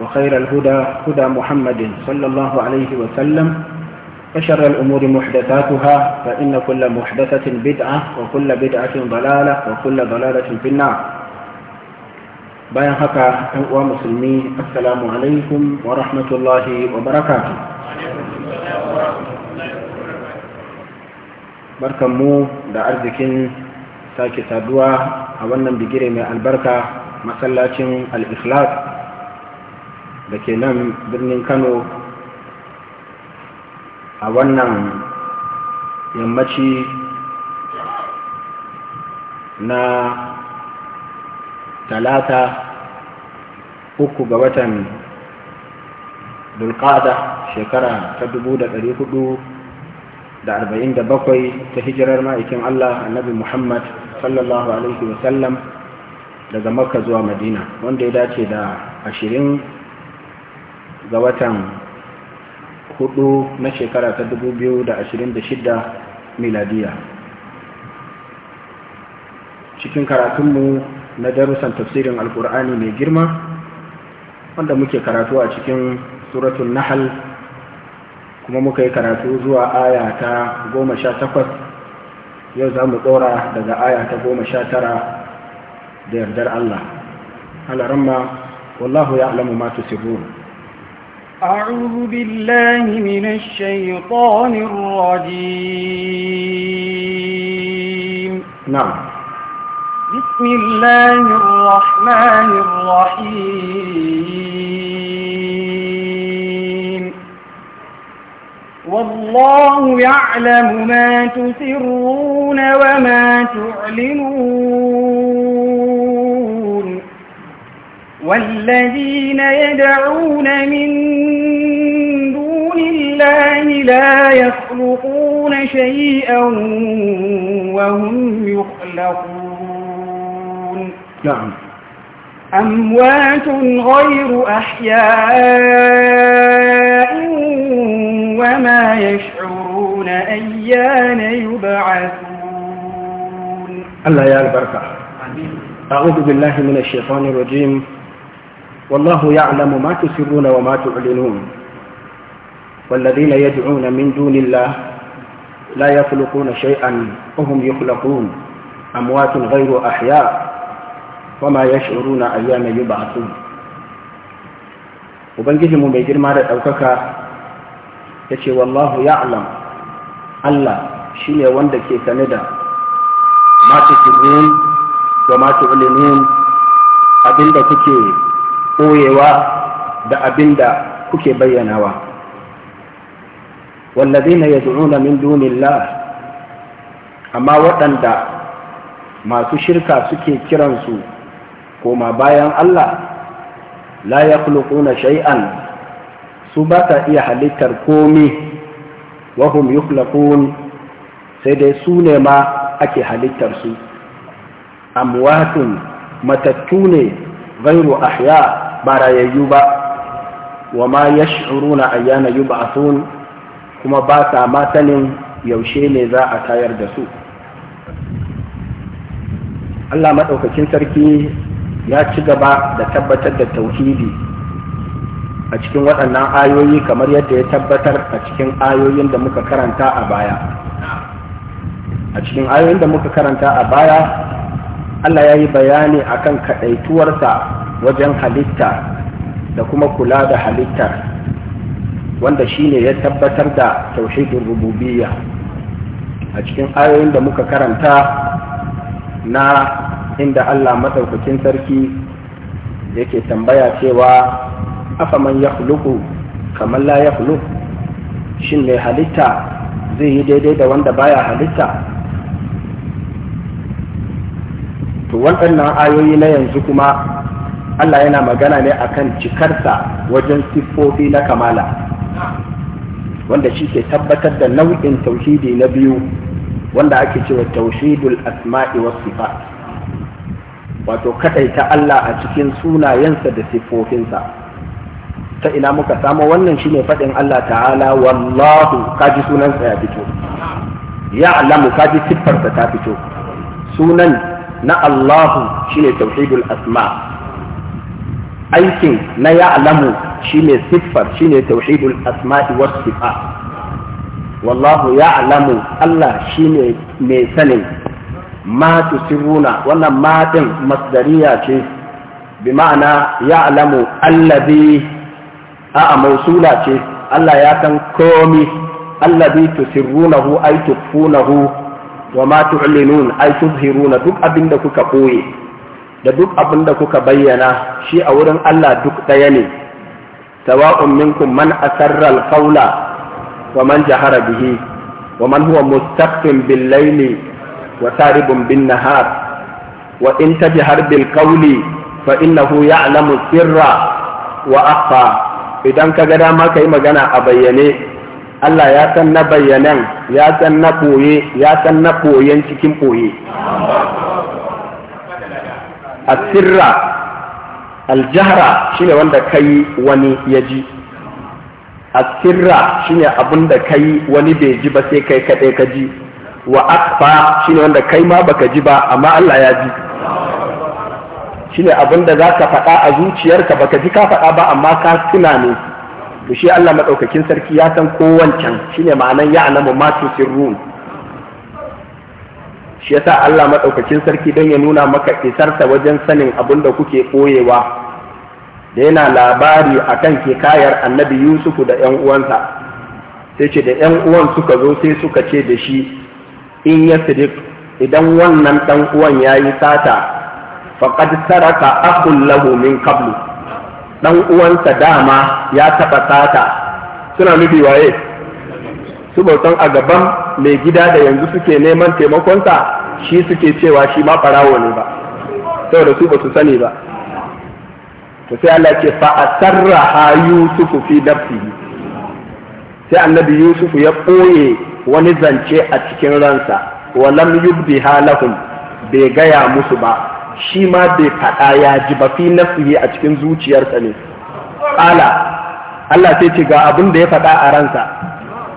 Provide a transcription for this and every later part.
وخير الهدى هدى محمد صلى الله عليه وسلم وشر الأمور محدثاتها فإن كل محدثة بدعة وكل بدعة ضلالة وكل ضلالة في النار bayan haka ɗan uwa musulmi assalamu alaikum wa rahmatullahi wa barakatu barkanmu da arzikin sake saduwa a wannan bigire mai albarka masallacin al-ikhlas da ke nan birnin kano a wannan yammaci na talata uku ga watan dulkada shekara ta dubu da dari hudu da arba'in da bakwai ta hijirar ma'aikin allah annabi muhammad sallallahu alaihi wasallam daga makka zuwa madina wanda ya dace da ashirin ga watan hudu na shekara ta 2026 miladiya cikin karatunmu na darussan tafsirin alkur'ani mai girma wanda muke karatu a cikin suratun nahal kuma muka yi karatu zuwa aya ta takwas, yau za mu tsora daga aya ta goma sha tara da yardar Allah. Alaramma, wallahu ya alamu matu tusirruna. أعوذ بالله من الشيطان الرجيم نعم بسم الله الرحمن الرحيم والله يعلم ما تسرون وما تعلنون والذين يدعون من دون الله لا يخلقون شيئا وهم يخلقون نعم أموات غير أحياء وما يشعرون أيان يبعثون الله يا البركة أعوذ بالله من الشيطان الرجيم والله يعلم ما تسرون وما تعلنون والذين يدعون من دون الله لا يخلقون شيئا وهم يخلقون أموات غير أحياء وما يشعرون أيام يبعثون وبنجه مبجر مارا أوكاكا يشي والله يعلم الله شيني وندك يتندى ما تسرون وما تعلنون أبين بكتير ɓoyewa da abin da kuke bayyanawa ya zu'una min dunillah amma waɗanda masu shirka suke kiransu koma bayan Allah la yakhluquna shay'an su ba ta iya halittar komi wa hum yukhlaqun sai dai su ne ma ake halittar su amwatun matattu ne gairu ahya' ba rayayyu ba wa ma ya a ayyana yub'athun kuma ba sa ma sanin yaushe ne za a tayar da su Allah maɗaukakin sarki ya ci gaba da tabbatar da tauhidi a cikin waɗannan ayoyi kamar yadda ya tabbatar a cikin ayoyin da muka karanta a baya a cikin ayoyin da muka karanta a baya Allah ya yi bayani akan kaɗaituwarsa wajen halitta da kuma kula da halittar wanda shine ya tabbatar da tauhidin rububiyya a cikin ayoyin da muka karanta na inda Allah matsaukakin sarki yake tambaya cewa afaman ya kuluku kamar la ya kuluku shin mai halitta zai yi daidai da wanda baya halitta to waɗannan ayoyi na yanzu kuma Allah yana magana ne akan cikarsa wajen siffofi na kamala wanda shi ke tabbatar da nau'in tauhidi na biyu wanda ake cewa tauhidul asma'i was sifat wato kadaita Allah a cikin sunayensa da siffofinsa ta ina muka samu wannan shine faɗin Allah ta'ala wallahu kaji sunansa ya fito ya'lamu kaji siffarsa ta fito sunan na Allahu shine tauhidul asma aikin na ya'lamu shine siffar shine tauhidul asma'i was sifat wallahu ya'lamu Allah shine mai sanin ma tusirruna wannan ma din masdariya ce bi ma'ana ya'lamu allazi a mausula ce Allah ya san komi allazi tusirrunahu ay tukfunahu wa ma tu'linun ay tuzhiruna duk abinda kuka koye da duk abin da kuka bayyana shi a wurin Allah duk ɗaya ne tawa’un minkum man asarra al wa man jahara bihi wa man huwa mustaqim bil layli wa saribun bin nahar wa in tajhar bil qawli fa innahu ya'lamu sirra wa akhfa idan ka ga dama yi magana a bayyane Allah ya san na bayyanan ya san na koye ya san na koyen cikin koye asirra aljahra shine wanda kai wani ya ji asirra shine abin da kai wani bai ji ba sai kai kaɗai ka ji wa akfa shine wanda kai ma baka ji ba amma Allah ya ji shine abin da za ka faɗa a zuciyarka baka ji ka faɗa ba amma ka tuna ne to shi Allah madaukakin sarki ya san kowancan shine ma'anan ya'lamu ma tusirrun shi yasa Allah madaukakin sarki don ya nuna maka isarta wajen sanin abin da kuke ɓoyewa. da yana labari akan kayar annabi Yusufu da ƴan uwansa sai ce da 'yan uwan suka zo sai suka ce da shi in ya idan wannan ɗan uwan yayi sata faqad saraka akhul lahu min qablu dan uwansa dama ya taɓa sata suna nufi waye su bautan a gaban mai gida da yanzu suke neman taimakonsa shi suke cewa shi ma farawo ne ba saboda su ba su sani ba to sai Allah ce fa asarraha yusufu fi nafsihi sai annabi yusufu ya ɓoye wani zance a cikin ransa walam yubdiha lahum bai gaya musu ba shi ma bai faɗa ya ji ba fi nafsihi a cikin zuciyarsa ne ƙala Allah sai ce ga abin da ya faɗa a ransa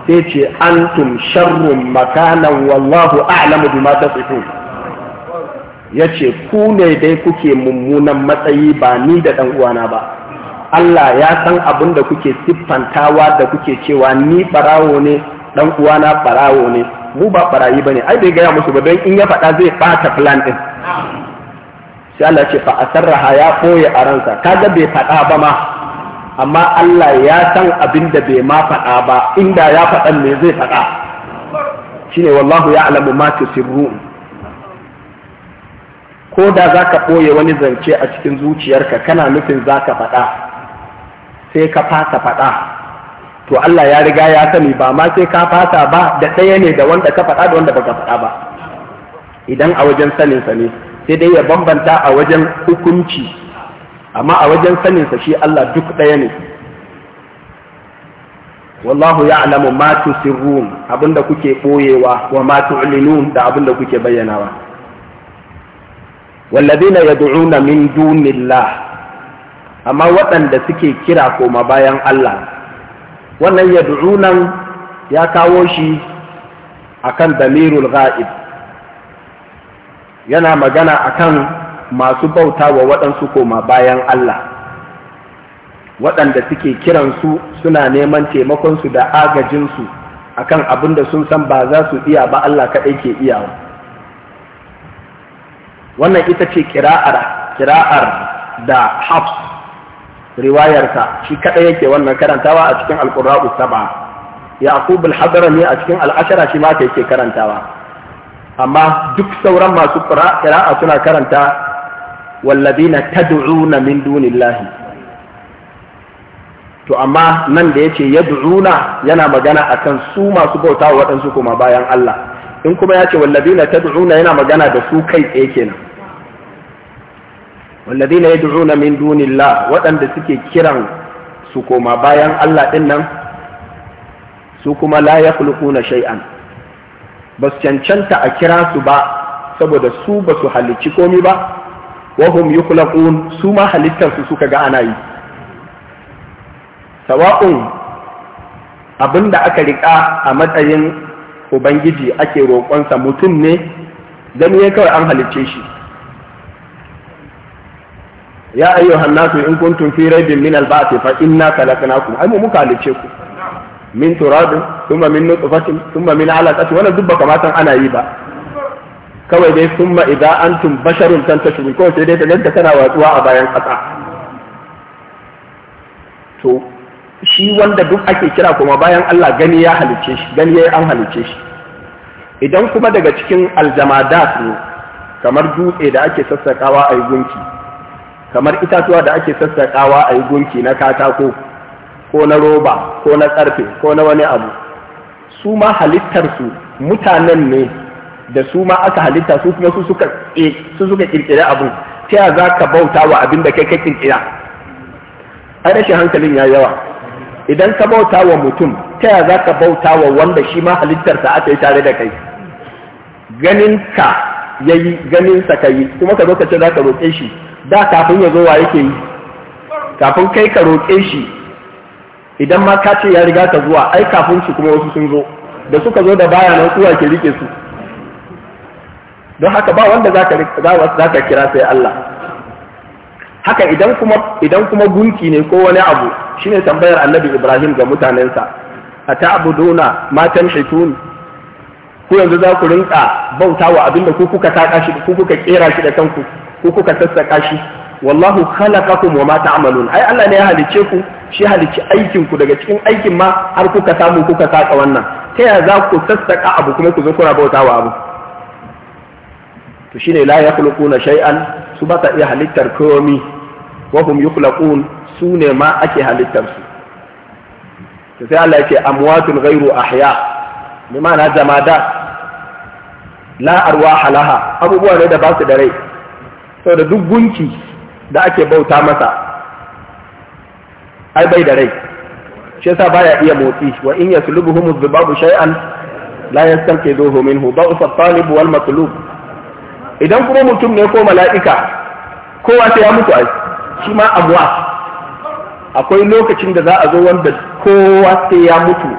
sai ce an tun sharrun makanan wallahu a'lamu bima tasifun ya ce ku ne dai kuke mummunan matsayi ba ni da ɗanuwana uwana ba Allah ya san abin da kuke siffantawa da kuke cewa ni barawo ne dan uwana barawo ne mu ba barayi bane ai bai gaya musu ba don in ya faɗa zai ɓata plan ɗin sai Allah ce fa ya koye a ransa kaga bai faɗa ba ma amma Allah ya san abin da bai ma faɗa ba inda ya faɗan me zai faɗa shine wallahu ya alamu ma tusirrun ko da za ka ɓoye wani zance a cikin zuciyarka kana nufin za ka faɗa sai ka fasa faɗa to Allah ya riga ya sani ba ma sai ka fasa ba da ɗaya ne da wanda ka faɗa da wanda baka faɗa ba idan a wajen saninsa ne sai dai ya bambanta a wajen hukunci amma a wajen saninsa shi Allah duk ɗaya ne wallahu ya'lamu matu tusirrun abinda kuke ɓoyewa wa ma tu'linun da abinda kuke bayyanawa ya yad'una min dunillah amma waɗanda suke kira koma bayan Allah wannan yad'unan ya kawo shi akan damirul ghaib yana magana akan masu bauta wa waɗansu koma bayan Allah waɗanda suke kiransu suna neman taimakonsu da agajinsu a kan abin da sun san ba za su iya ba Allah kaɗai ke iyawa wannan ita ce kira'ar da hafs riwayarsa shi kaɗai yake wannan karantawa a cikin alƙura'u saba yaqub al ne a cikin al'ashara shi ma yake karantawa amma duk sauran masu kira'a suna karanta wallazina tad'una min dunillahi to amma nan da yace yad'una yana magana akan su masu bauta wa waɗansu kuma bayan Allah in kuma yace walladina tad'una yana magana da su kai tsaye kenan walladina yad'una min dunillah waɗanda suke kiran su koma bayan Allah din nan su kuma la yakhluquna shay'an bas cancanta a kira su ba saboda su ba su halicci komi ba wahum yukhlaqun su ma halittarsu suka ga ana yi sawa'un abin da aka rika a matsayin ubangiji ake roƙonsa mutum ne gani ya kawai an halicce shi ya ayyuhan nasu in kuntum fi raibin min al-ba'thi fa inna khalaqnakum ai mu muka halicce ku min turabin thumma min nutfatin thumma min alaqatin wala dubba ba kamatan ana yi ba kawai dai summa idan tun basharun shirin kawai sai dai ta ganta tana watsuwa a bayan ƙasa to shi wanda duk ake kira kuma bayan Allah gani ya halice shi gani ya an halice shi idan kuma daga cikin aljamadat ne kamar dutse da ake sassaƙawa a yi gunki kamar itatuwa da ake sassaƙawa a yi gunki na katako ko na roba ko na ƙarfe ko na wani abu su ma halittarsu mutanen ne da su ma aka halitta su kuma su suka su suka kirkira abu ta ya za ka bauta wa abin da kai ka kirkira ai rashin hankalin ya yawa idan ka bauta wa mutum ta ya za ka bauta wa wanda shi ma halittarsa aka yi tare da kai ganin ka ya yi ganinsa ka yi kuma ka zo ka ce za ka roƙe shi da kafin ya zo wa yake yi kafin kai ka roƙe shi idan ma ka ce ya riga ka zuwa ai kafin shi kuma wasu sun zo da suka zo da baya nan kuwa ke rike su don haka ba wanda za ka kira sai Allah haka idan kuma gunki ne ko wani abu shine tambayar annabi Ibrahim ga mutanensa ata'buduna ma tanhitun ku yanzu za ku rinka bauta wa abinda ku kuka taka shi ku kuka kera shi da kanku ku kuka sassaka shi wallahu khalaqakum wa ma ta'malun ai Allah ne ya halice ku shi halici aikin ku daga cikin aikin ma har kuka samu kuka saka wannan ta yaya za ku sassaka abu kuma ku zo kuna bauta abu to shine la yakhluquna shay'an su ba ta iya halittar komi wa hum yukhlaqun su ne ma ake halittar su to sai Allah yake amwatun ghairu ahya bi ma'ana jamada la arwaha laha abubuwa ne da ba su da rai saboda duk gunki da ake bauta masa ai bai da rai shi yasa baya iya motsi wa in yaslubuhum dhubabu shay'an la yastanqidhuhu minhu ba'u talib wal matlub idan kuma mutum ne ko mala'ika kowa sai ya mutu ai shi ma abuwa akwai lokacin da za a zo wanda kowa sai ya mutu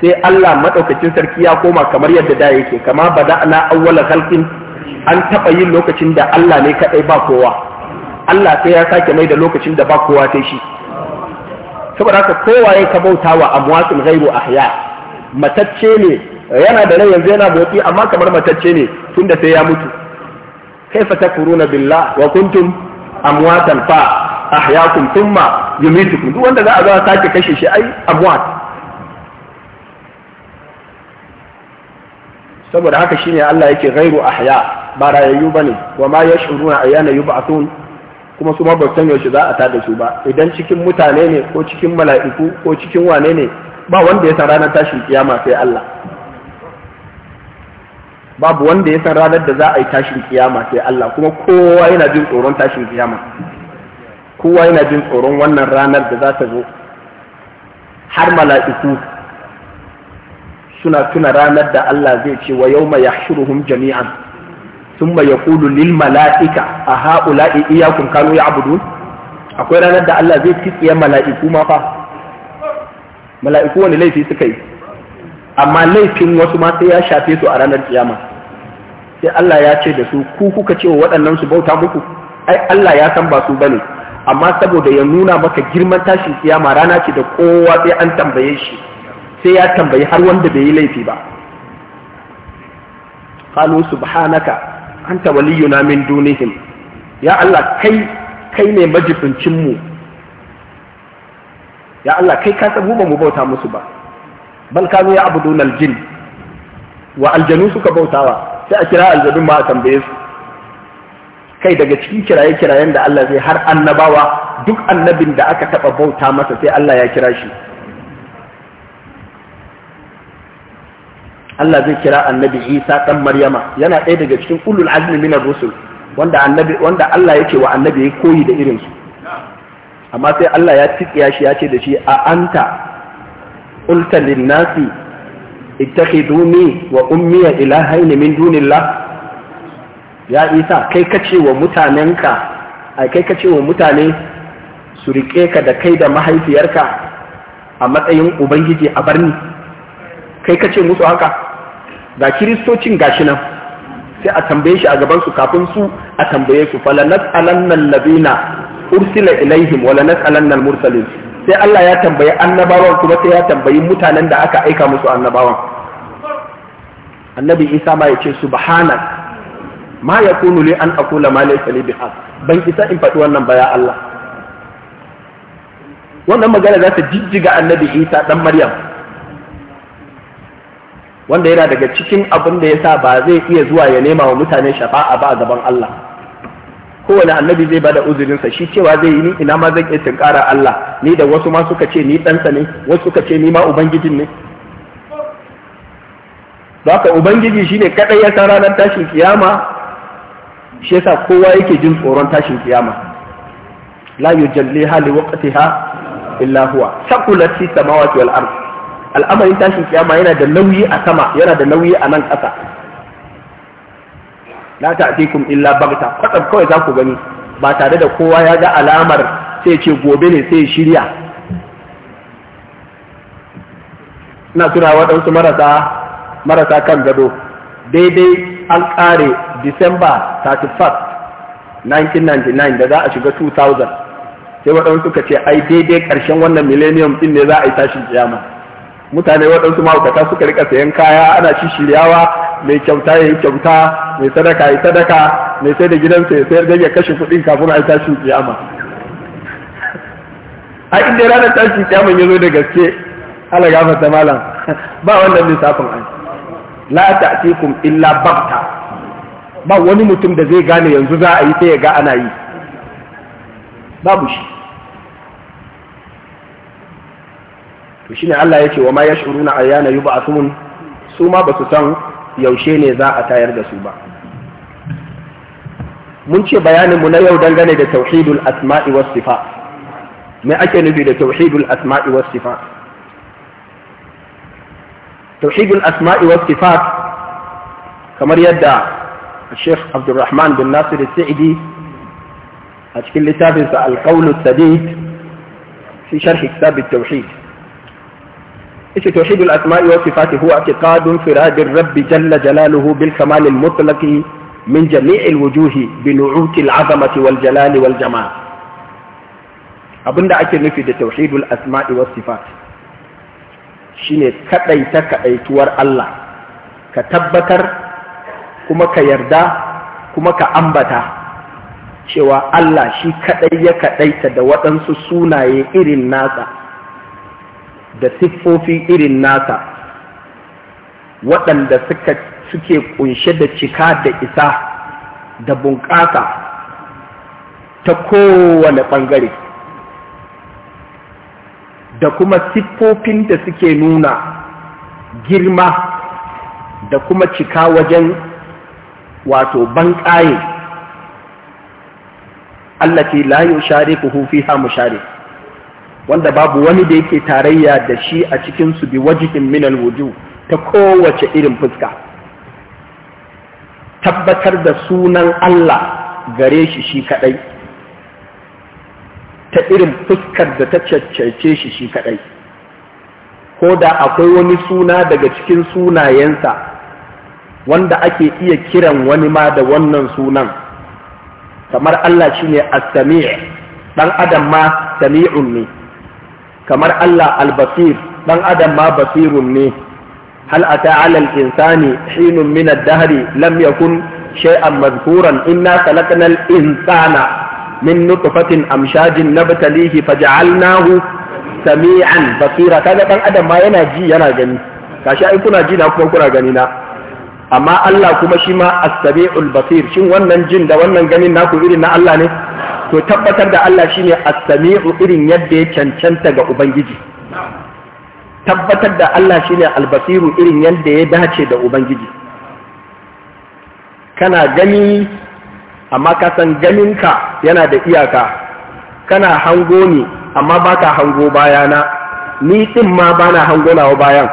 sai Allah maɗaukacin sarki ya koma kamar yadda da yake kama ba bada na awwala khalqin an taɓa yin lokacin da Allah ne kaɗai ba kowa Allah sai ya sake mai da lokacin da ba kowa sai shi saboda haka kowa ya kabauta wa amwatul ghairu ahya matacce ne yana da rai yanzu yana motsi amma kamar matacce ne tunda sai ya mutu kaifa takuruna billah wa kuntum amwatan fa ahyakum thumma yumitukum duk wanda za a zo a sake kashe shi ai amwat saboda haka shine Allah yake ghairu ahya ba rayayyu bane wa ma yash'uruna ayyana yub'athun kuma su ma ba san yaushe za a tada su ba idan cikin mutane ne ko cikin mala'iku ko cikin wane ne ba wanda ya san ranar tashin kiyama sai Allah babu wanda ya san ranar da za a yi tashin kiyama sai Allah kuma kowa yana jin tsoron tashin kiyama kowa yana jin tsoron wannan ranar da za ta zo har mala'iku suna tuna ranar da Allah zai ce wa yawma yahshuruhum jami'an thumma yaqulu lil mala'ika a ha'ula'i iyyakum kanu ya'budun akwai ranar da Allah zai tsiye mala'iku ma fa mala'iku wani laifi suka yi amma laifin wasu ma sai ya shafe su a ranar kiyama sai Allah ya ce da su ku kuka ce wa waɗannan su bauta muku ai Allah ya san ba su bane amma saboda ya nuna maka girman tashin kiyama rana ce da kowa sai an tambaye shi sai ya tambayi har wanda bai yi laifi ba qalu subhanaka anta waliyuna min dunihim ya Allah kai kai ne majibincin mu ya Allah kai ka san mu ba mu bauta musu ba bal kanu ya abudunal jin wa aljanu suka bautawa sai a kira aljabin ma a tambaye su kai daga cikin kiraye-kirayen da Allah zai har annabawa duk annabin da aka taɓa bauta masa sai Allah ya kira shi Allah zai kira annabi Isa ɗan Maryama yana ɗaya daga cikin ulul azmi min rusul wanda annabi wanda Allah yake wa annabi ya koyi da irin su amma sai Allah ya tsikiya shi ya ce da shi a anta ulta lin-nasi ittakhiduni wa ummiya ilahaini min dunillah ya isa kai kace wa mutanenka ai kai kace wa mutane su rike ka da kai da mahaifiyarka a matsayin ubangiji a barni kai kace musu haka ga kiristocin gashi nan sai a tambaye shi a gaban su kafin su a tambaye su falanat alannan ladina ursila ilaihim wala nas'alanna mursalin sai Allah ya tambayi annabawan kuma sai ya tambayi mutanen da aka aika musu annabawan annabi isa ma ya ce subhana ma ya kunu li an akula ma laysa li ban isa in faɗi wannan ba ya Allah wannan magana za ta jijjiga annabi isa ɗan maryam wanda yana daga cikin abin da ya sa ba zai iya zuwa ya nema wa mutane shafa'a ba a gaban Allah kowane annabi zai bada uzurinsa shi cewa zai yi ni ina ma zan iya tunkara Allah ni da wasu ma suka ce ni ɗansa ne wasu suka ce ni ma ubangijin ne haka ubangiji shine kadai ya san ranar tashin kiyama shi yasa kowa yake jin tsoron tashin kiyama la yujalli hali waqtiha illa huwa saqulat fi samawati wal ard al'amarin tashin kiyama yana da nauyi a sama yana da nauyi a nan ƙasa la ta'tikum illa bagta kwatsam kawai za ku gani ba tare da kowa ya ga alamar sai ce gobe ne sai shirya ina tura waɗansu marasa marasa kan gado daidai an ƙare December 31 1999 da za a shiga 2000 sai waɗansu suka ce ai daidai ƙarshen wannan millennium ɗin ne za a yi tashin kiyama mutane waɗansu mahaukata suka rika sayan kaya ana shiryawa mai kyauta ya yi kyauta mai sadaka ya yi sadaka mai sai da gidansa ya sayar da ya kashe kuɗin kafin a yi tashin kiyama a inda ranar tashin kiyama ya zo da gaske ala gafar da malam ba wannan lissafin an la ta'tikum illa bakta ba wani mutum da zai gane yanzu za a yi sai ya ga ana yi babu shi to shine Allah yake wa ma yash'uruna ayyana yub'athun su ma basu san yaushe ne za a tayar da su ba mun ce bayaninmu na yau dangane da tauhidul asma'i was sifa me ake nufi da tauhidul asma'i was sifa tauhidul asma'i was sifa kamar yadda Sheikh Abdulrahman bin Nasir Sa'idi a cikin littafinsa Al-Qawl Sadid fi sharh kitab at-tauhid yace tauhidul asma'i wa sifati huwa i'tiqadun firadir rabbi jalla jalaluhu bil kamal al mutlaqi min jami'il wujuhi bi nu'uti al azamati wal jalali wal jamal abinda ake nufi da tauhidul asma'i wa sifat shine kadaita kadaituwar Allah ka tabbatar kuma ka yarda kuma ka ambata cewa Allah shi kadai ya kadaita da waɗansu sunaye irin nasa da siffofi irin nasa waɗanda suka suke kunshe da cika da isa da bunƙasa ta kowane ɓangare da kuma siffofin da suke nuna girma da kuma cika wajen wato banƙaye allati la hufi hamu musharik wanda babu wani da yake tarayya da shi a cikin su bi wajihin minal wuju ta kowace irin fuska tabbatar da sunan Allah gare shi shi kadai ta irin fuskar da ta cancance shi shi kadai ko da akwai wani suna daga cikin sunayensa wanda ake iya kiran wani ma da wannan sunan kamar Allah shine as-sami' dan adam ma sami'un ne kamar Allah al-basir ɗan adam ma basirun ne hal ata alal insani hinun min ad-dahri lam yakun shay'an madhkuran inna khalaqna al-insana min nutfatin amshajin nabtalihi faj'alnahu sami'an basira kaga dan adam ma yana ji yana gani kashi ai kuna ji na kuma kuna gani na amma Allah kuma shi ma as-sami'ul basir shin wannan jin da wannan ganin naku irin na Allah ne to tabbatar da Allah shi ne a samiu irin yadda ya cancanta ga ubangiji tabbatar da Allah shi ne albasiru irin yadda ya dace da ubangiji kana gani amma ka san ganinka yana da iyaka kana hango ni amma ba ka hango bayana ni din ma bana hango nawa bayan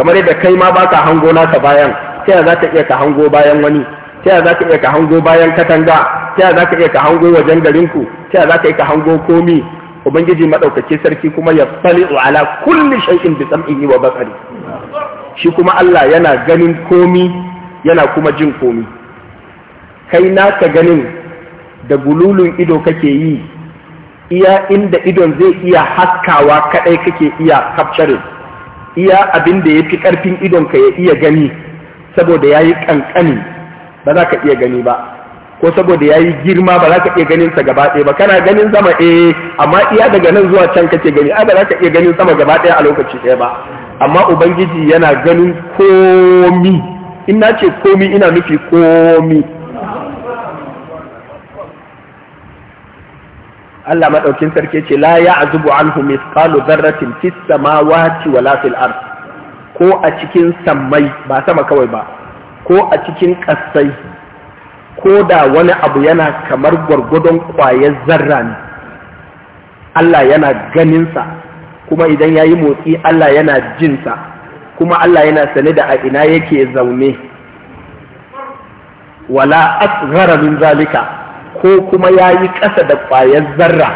kamar yadda kai ma ba ka hango naka bayan sai za ta iya ka hango bayan wani ta za ka iya ka hango bayan katanga ta za ka iya ka hango wajen garinku ta yaya za ka iya ka hango komi ubangiji maɗaukaki sarki kuma ya tsali ala kulli shay'in bi sam'ihi wa basari shi kuma Allah yana ganin komi yana kuma jin komi kai naka ganin da gululun ido kake yi iya inda idon zai iya haskawa kadai kake iya capturing iya abin da yafi karfin idon ka ya iya gani saboda yayi ƙanƙani. ba za ka iya gani ba ko saboda ya yi girma ba za ka iya ganin sa gaba ɗaya ba kana ganin sama eh amma iya daga nan zuwa can kake gani ai ba za ka iya ganin sama gaba ɗaya a lokaci ɗaya ba amma ubangiji yana ganin komi in na ce komi ina nufi komi Allah Maɗaukin sarki ce la azubu anhu misqalu dharratin fis samawati wala fil ard ko a cikin sammai ba sama kawai ba ko a cikin ƙasai ko da wani abu yana kamar gwargwadon ƙwayar zarra ne Allah yana ganinsa kuma idan ya yi motsi Allah yana jinsa kuma Allah yana sane da a ina yake zaune wala asghara min zalika ko kuma ya yi ƙasa da ƙwayar zarra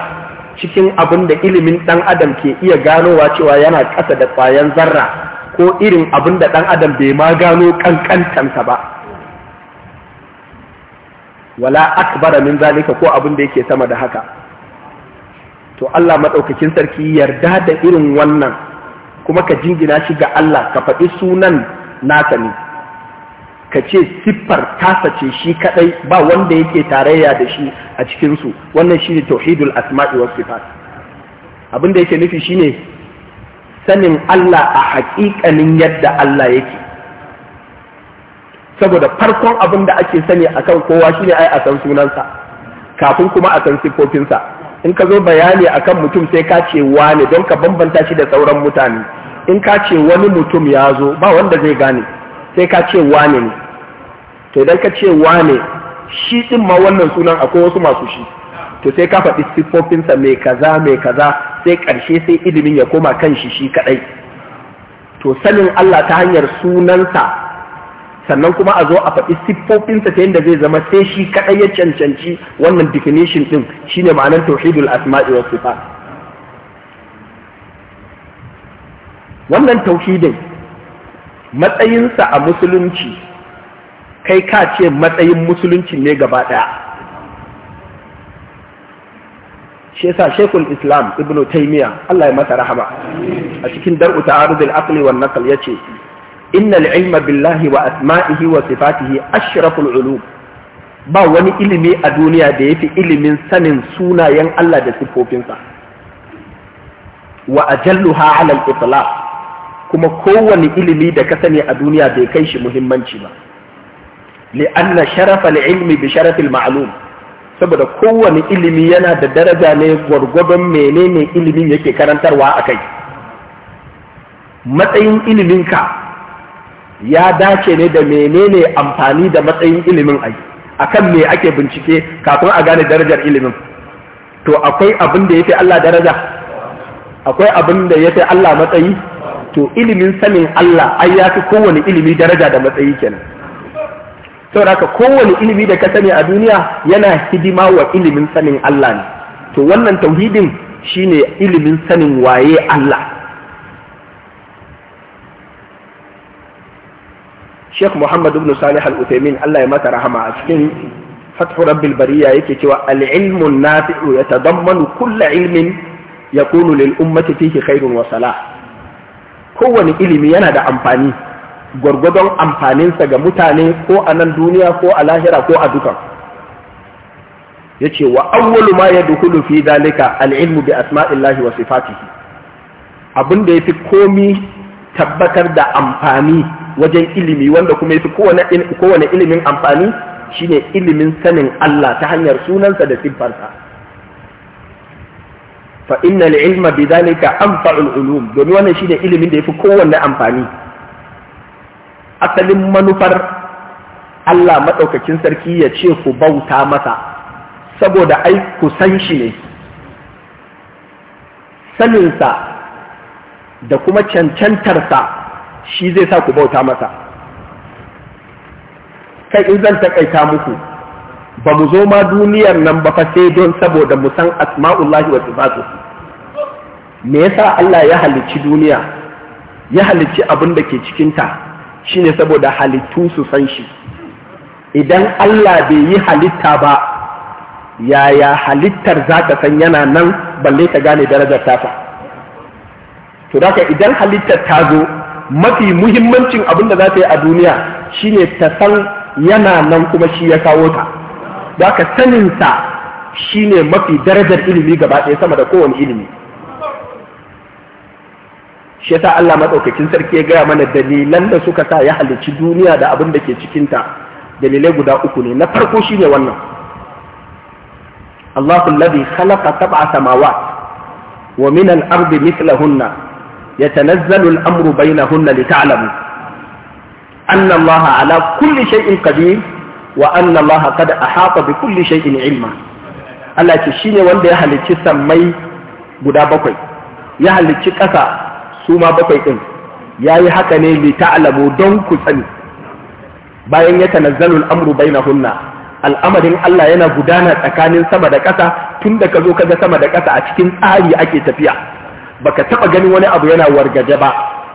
cikin abin da ilimin ɗan adam ke iya ganowa cewa yana ƙasa da ƙwayar zarra ko irin abin da ɗan adam bai ma gano kankantansa ba wala akbara min zalika ko abin da yake sama da haka to Allah maɗaukakin sarki yarda da irin wannan kuma ka jingina shi ga Allah ka faɗi sunan nasa ne ka ce siffar tasa ce shi kaɗai ba wanda yake tarayya da shi a cikinsu wannan shi ne tauhidul asma'i was sifat abin da yake nufi shine sanin Allah a haƙiƙanin yadda Allah yake saboda farkon abin da ake sani akan kowa shine ai a san sunansa kafin kuma a san siffofinsa in ka zo bayani akan mutum sai ka ce wane don ka bambanta shi da sauran mutane in ka ce wani mutum ya zo ba wanda zai gane sai ka ce wane ne to idan ka ce wane shi din ma wannan sunan akwai wasu masu shi to sai ka faɗi siffofinsa mai kaza mai kaza sai ƙarshe sai ilimin ya koma kan shi shi kaɗai to sanin Allah ta hanyar sunansa sannan kuma a zo a faɗi siffofinsa ta yadda zai zama sai shi kaɗai ya cancanci wannan definition ɗin shine ma'anar tauhidul asma'i wa sifat wannan tauhidin matsayinsa a musulunci kai ka ce matsayin musulunci ne gaba ɗaya shi yasa shekul islam ibn taymiya Allah ya masa rahama a cikin dar'u ta'arud al-aqli wan naql yace inna al-ilma billahi wa asma'ihi wa sifatihi ashraful ulum ba wani ilimi a duniya da yafi ilimin sanin sunayen Allah da sifofinsa wa ajalluha 'ala al-itlaq kuma kowane ilimi da ka sani a duniya bai kai shi muhimmanci ba li'anna sharafal ilmi bi sharafil ma'lum saboda kowane ilimi yana da daraja ne gwargwadon menene ilimin yake karantarwa a kai matsayin iliminka ya dace ne da menene amfani da matsayin ilimin ai akan me ake bincike kafin a gane darajar ilimin to akwai abin da yafi Allah daraja akwai abin da fi Allah matsayi to ilimin sanin Allah ai yafi kowane ilimi daraja da matsayi kenan saboda kowane ilimi da ka sani a duniya yana hidima wa ilimin sanin Allah ne to wannan tauhidin shine ilimin sanin waye Allah Sheikh Muhammad ibn Salih al-Uthaymeen Allah ya mata rahama a cikin Fathu Rabbil Bariya yake cewa al-ilmu nafi'u yatadammanu kulla ilmin yakunu lil ummati fihi khairun wa salah kowane ilimi yana da amfani gwargwadon amfaninsa ga mutane ko a nan duniya ko a lahira ko a dukan ya ce wa awwalu ma ya dukulu fi dalika al'ilmu bi asma'illahi wa sifatihi abin da ya fi komi tabbatar da amfani wajen ilimi wanda kuma ya fi kowane ilimin amfani shine ilimin sanin Allah ta hanyar sunansa da siffarsa fa inna al-ilma bi dalika anfa'ul ulum domin wannan shine ilimin da yafi kowanne amfani asalin manufar Allah maɗaukakin sarki ya ce ku bauta masa saboda ai ku san shi ne saninsa da kuma cancantarsa shi zai sa ku bauta masa kai in zan taƙaita muku ba mu zo ma duniyar nan ba fa sai don saboda mu san asma'ullahi wa sifatu me yasa Allah ya halicci duniya ya halicci abin da ke cikinta Shi ne saboda halittu su san shi idan Allah bai yi halitta ba yaya halittar za ka san yana nan balle ka gane darajar tasa to da idan halittar ta zo mafi muhimmancin abin da za ta yi a duniya shi ne ta san yana nan kuma shi ya kawo ta da ka saninsa ne mafi darajar ilimi gaba ɗaya sama da kowane ilimi shi yasa Allah madaukakin sarki ya gaya mana dalilan da suka sa ya halicci duniya da abin da ke cikinta dalilai guda uku ne na farko shine wannan Allahu alladhi khalaqa sab'a samawat wa min al-ardi mithlahunna yatanazzalu al-amru bainahunna lita'lamu anna Allah ala kulli shay'in qadir wa anna Allah qad ahata bi kulli shay'in ilma Allah ce shine wanda ya halicci sammai guda bakwai ya halicci ƙasa su ma bakwai ɗin ya yi haka ne li ta'lamu don ku sani bayan ya tanazzalu al'amru bainahunna al'amarin Allah yana gudana tsakanin sama da ƙasa tun da ka zo ka ga sama da ƙasa a cikin tsari ake tafiya baka taɓa ganin wani abu yana wargaje ba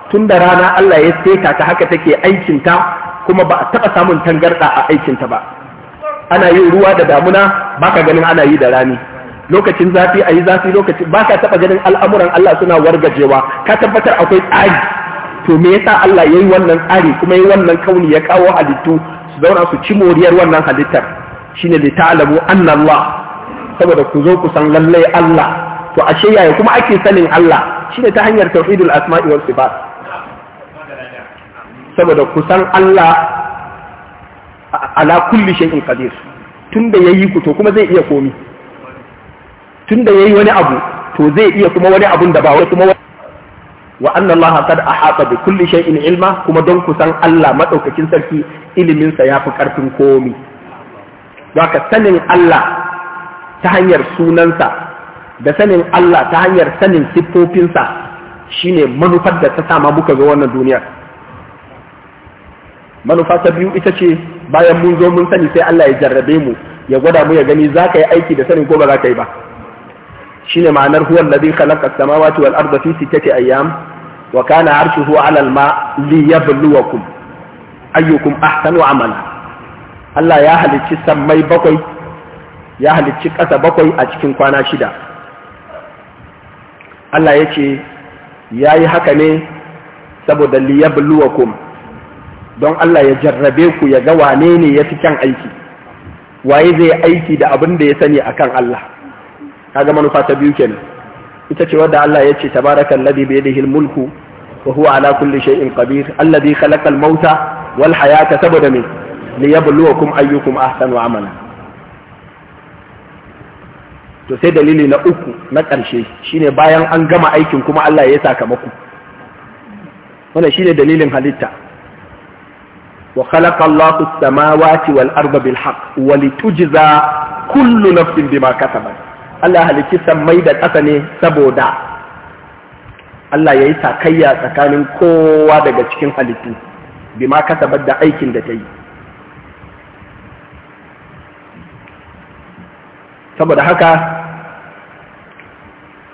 tun da rana Allah ya saita ta haka take aikinta kuma ba a taɓa samun tangarɗa a aikinta ba ana yin ruwa da damuna baka ganin ana yi da rani lokacin zafi a yi zafi lokaci ba ka taɓa ganin al'amuran Allah suna wargajewa ka tabbatar akwai tsari to me yasa Allah ya yi wannan tsari kuma ya yi wannan kauni ya kawo halittu su zauna su ci moriyar wannan halittar shine li ta'lamu anna Allah saboda ku zo ku san lallai Allah to ashe yaya kuma ake sanin Allah ne ta hanyar tauhidul asma'i wal sifat saboda ku san Allah ala kulli shay'in qadir tunda yayi ku to kuma zai iya komi tunda yi wani abu to zai iya kuma wani abun da ba wai kuma wa anna Allah qad ahata bi kulli shay'in ilma kuma don kusan Allah madaukakin sarki iliminsa ya fi karfin komi haka sanin Allah ta hanyar sunansa da sanin Allah ta hanyar sanin siffofinsa shine manufar da ta sama muka ga wannan duniyar manufa ta biyu ita ce bayan mun zo mun sani sai Allah ya jarrabe mu ya gwada mu ya gani za ka yi aiki da sanin ko ba za ka yi ba shine ma'anar huwa alladhi khalaqa as-samawati wal arda fi sittati ayyam wa kana 'arshuhu 'ala al-ma' liyabluwakum ayyukum ahsanu 'amala Allah ya halicci sammai bakwai ya halicci ƙasa bakwai a cikin kwana shida Allah ya ce ya yi haka ne saboda liyabluwakum don Allah ya jarrabe ku ya ga wane ne ya fi kyan aiki waye zai aiki da abin da ya sani akan Allah kaga manufa ta biyu kenan ita ce wadda Allah ya ce tabarakal ladhi bi yadihi mulku wa huwa ala kulli shay'in qadir alladhi khalaqa mauta wal hayata saboda me liyabluwakum ayyukum ahsanu amala to sai dalili na uku na ƙarshe shine bayan an gama aikin kuma Allah ya sakamako wannan shine dalilin halitta wa khalaqa Allahu as-samawati wal arda bil haqq wa litujza kullu nafsin bima kasabat Allah halicci sammai da ƙasa ne saboda Allah ya yi takayya tsakanin kowa daga cikin halittu bi ma kasabar da aikin da ta yi saboda haka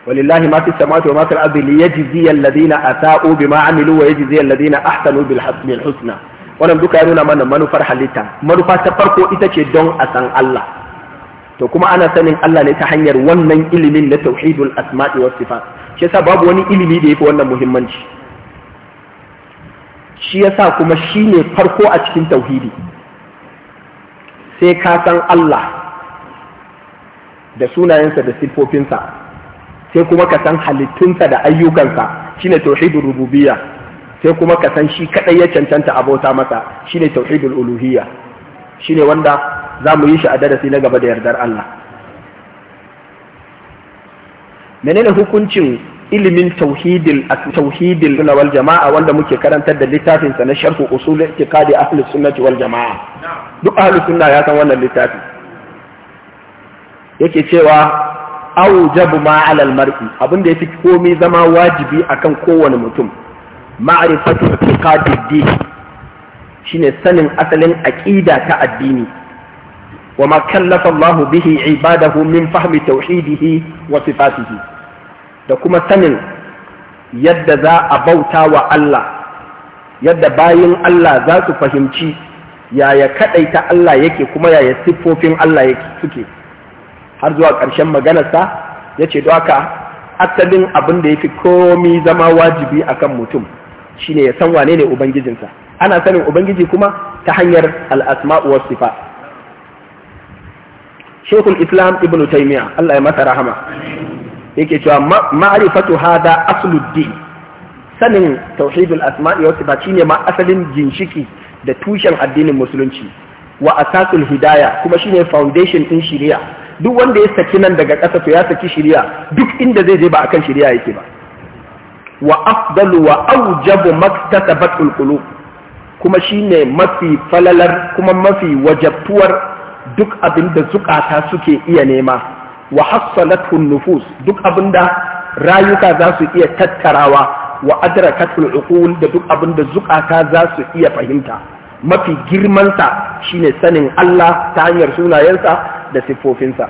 walillahi ma fi samawati wa ma fil ardi li a sa’o bi ma amilu wa yajziya alladhina ahsanu bil husna wannan duka ya nuna mana manufar halitta manufa ta farko ita ce don a san Allah to kuma ana sanin Allah ne ta hanyar wannan ilimin na tauhidul asma'i was sifat shi yasa babu wani ilimi da yafi wannan muhimmanci shi yasa kuma shine farko a cikin tauhidi sai ka san Allah da sunayensa da siffofinsa sai kuma ka san halittunsa da ayyukansa shine tauhidul rububiyya sai kuma ka san shi kadai ya cancanta abota masa shine tauhidul uluhiyya shine wanda za mu yi shi a darasi na gaba da yardar Allah menene hukuncin ilimin tauhidil tauhidil sunna wal jama'a wanda muke karantar da littafinsa na sharhu usul i'tiqadi ahlus sunnati wal jama'a duk ahlus sunna ya san wannan littafi yake cewa aujabu ma alal mar'i abin da yafi komai zama wajibi akan kowane mutum ma'rifatu i'tiqadi din shine sanin asalin aqida ta addini وما كلف الله به عباده من فهم توحيده وصفاته da kuma sanin yadda za a bauta wa Allah yadda bayin Allah za su fahimci yaya ta Allah yake kuma yaya siffofin Allah yake suke har zuwa ƙarshen maganarsa ya ce haka asalin abin da ya fi komi zama wajibi akan mutum shine ya san wane ubangijinsa ana sanin ubangiji kuma ta hanyar al'asma'u wasu sifa shekul islam ibn taimiya Allah ya masa rahama yake cewa ma'arifatu hada asluddin sanin tauhidul asma'i wa sifat shine ma asalin ginshiki da tushen addinin musulunci wa asasul hidaya kuma shine foundation din shari'a duk wanda ya saki nan daga ƙasa to ya saki shari'a duk inda zai je ba akan shari'a yake ba wa afdalu wa aujabu maktasabatul qulub kuma shine mafi falalar kuma mafi wajabtuwar duk abin da zukata suke iya nema wa hassalatu nufus duk abin da rayuka za su iya tattarawa wa adrakatul uqul da duk abin da zukata za su iya fahimta mafi girmansa shine sanin Allah ta hanyar sunayensa da siffofinsa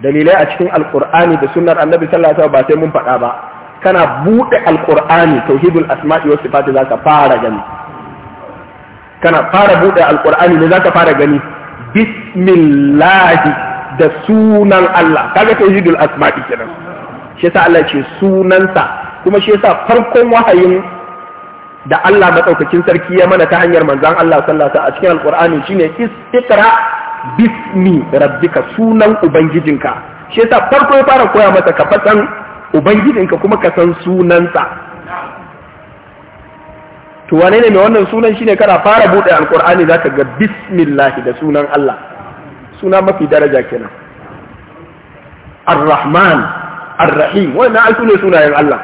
dalilai a cikin alkur'ani da sunnar annabi sallallahu alaihi ba sai mun faɗa ba kana buɗe alkur'ani tauhidul asma'i was sifati zaka fara gani kana fara buɗe alkur'ani ne za zaka fara gani bismillahi da sunan Allah kaga dul asma'i kenan shi yasa Allah ce sunansa kuma shi yasa farkon wahayin da Allah madaukakin sarki ya mana ta hanyar manzon Allah sallallahu alaihi a cikin alkur'ani shine istiqra bismi rabbika sunan ubangijinka shi yasa farko ya fara koya masa ka fasan ubangijinka kuma ka san sunansa to wane ne mai wannan sunan shine kana fara bude alqur'ani zaka ga bismillah da sunan Allah suna mafi daraja kenan ar-rahman ar-rahim wannan ai sune sunayen Allah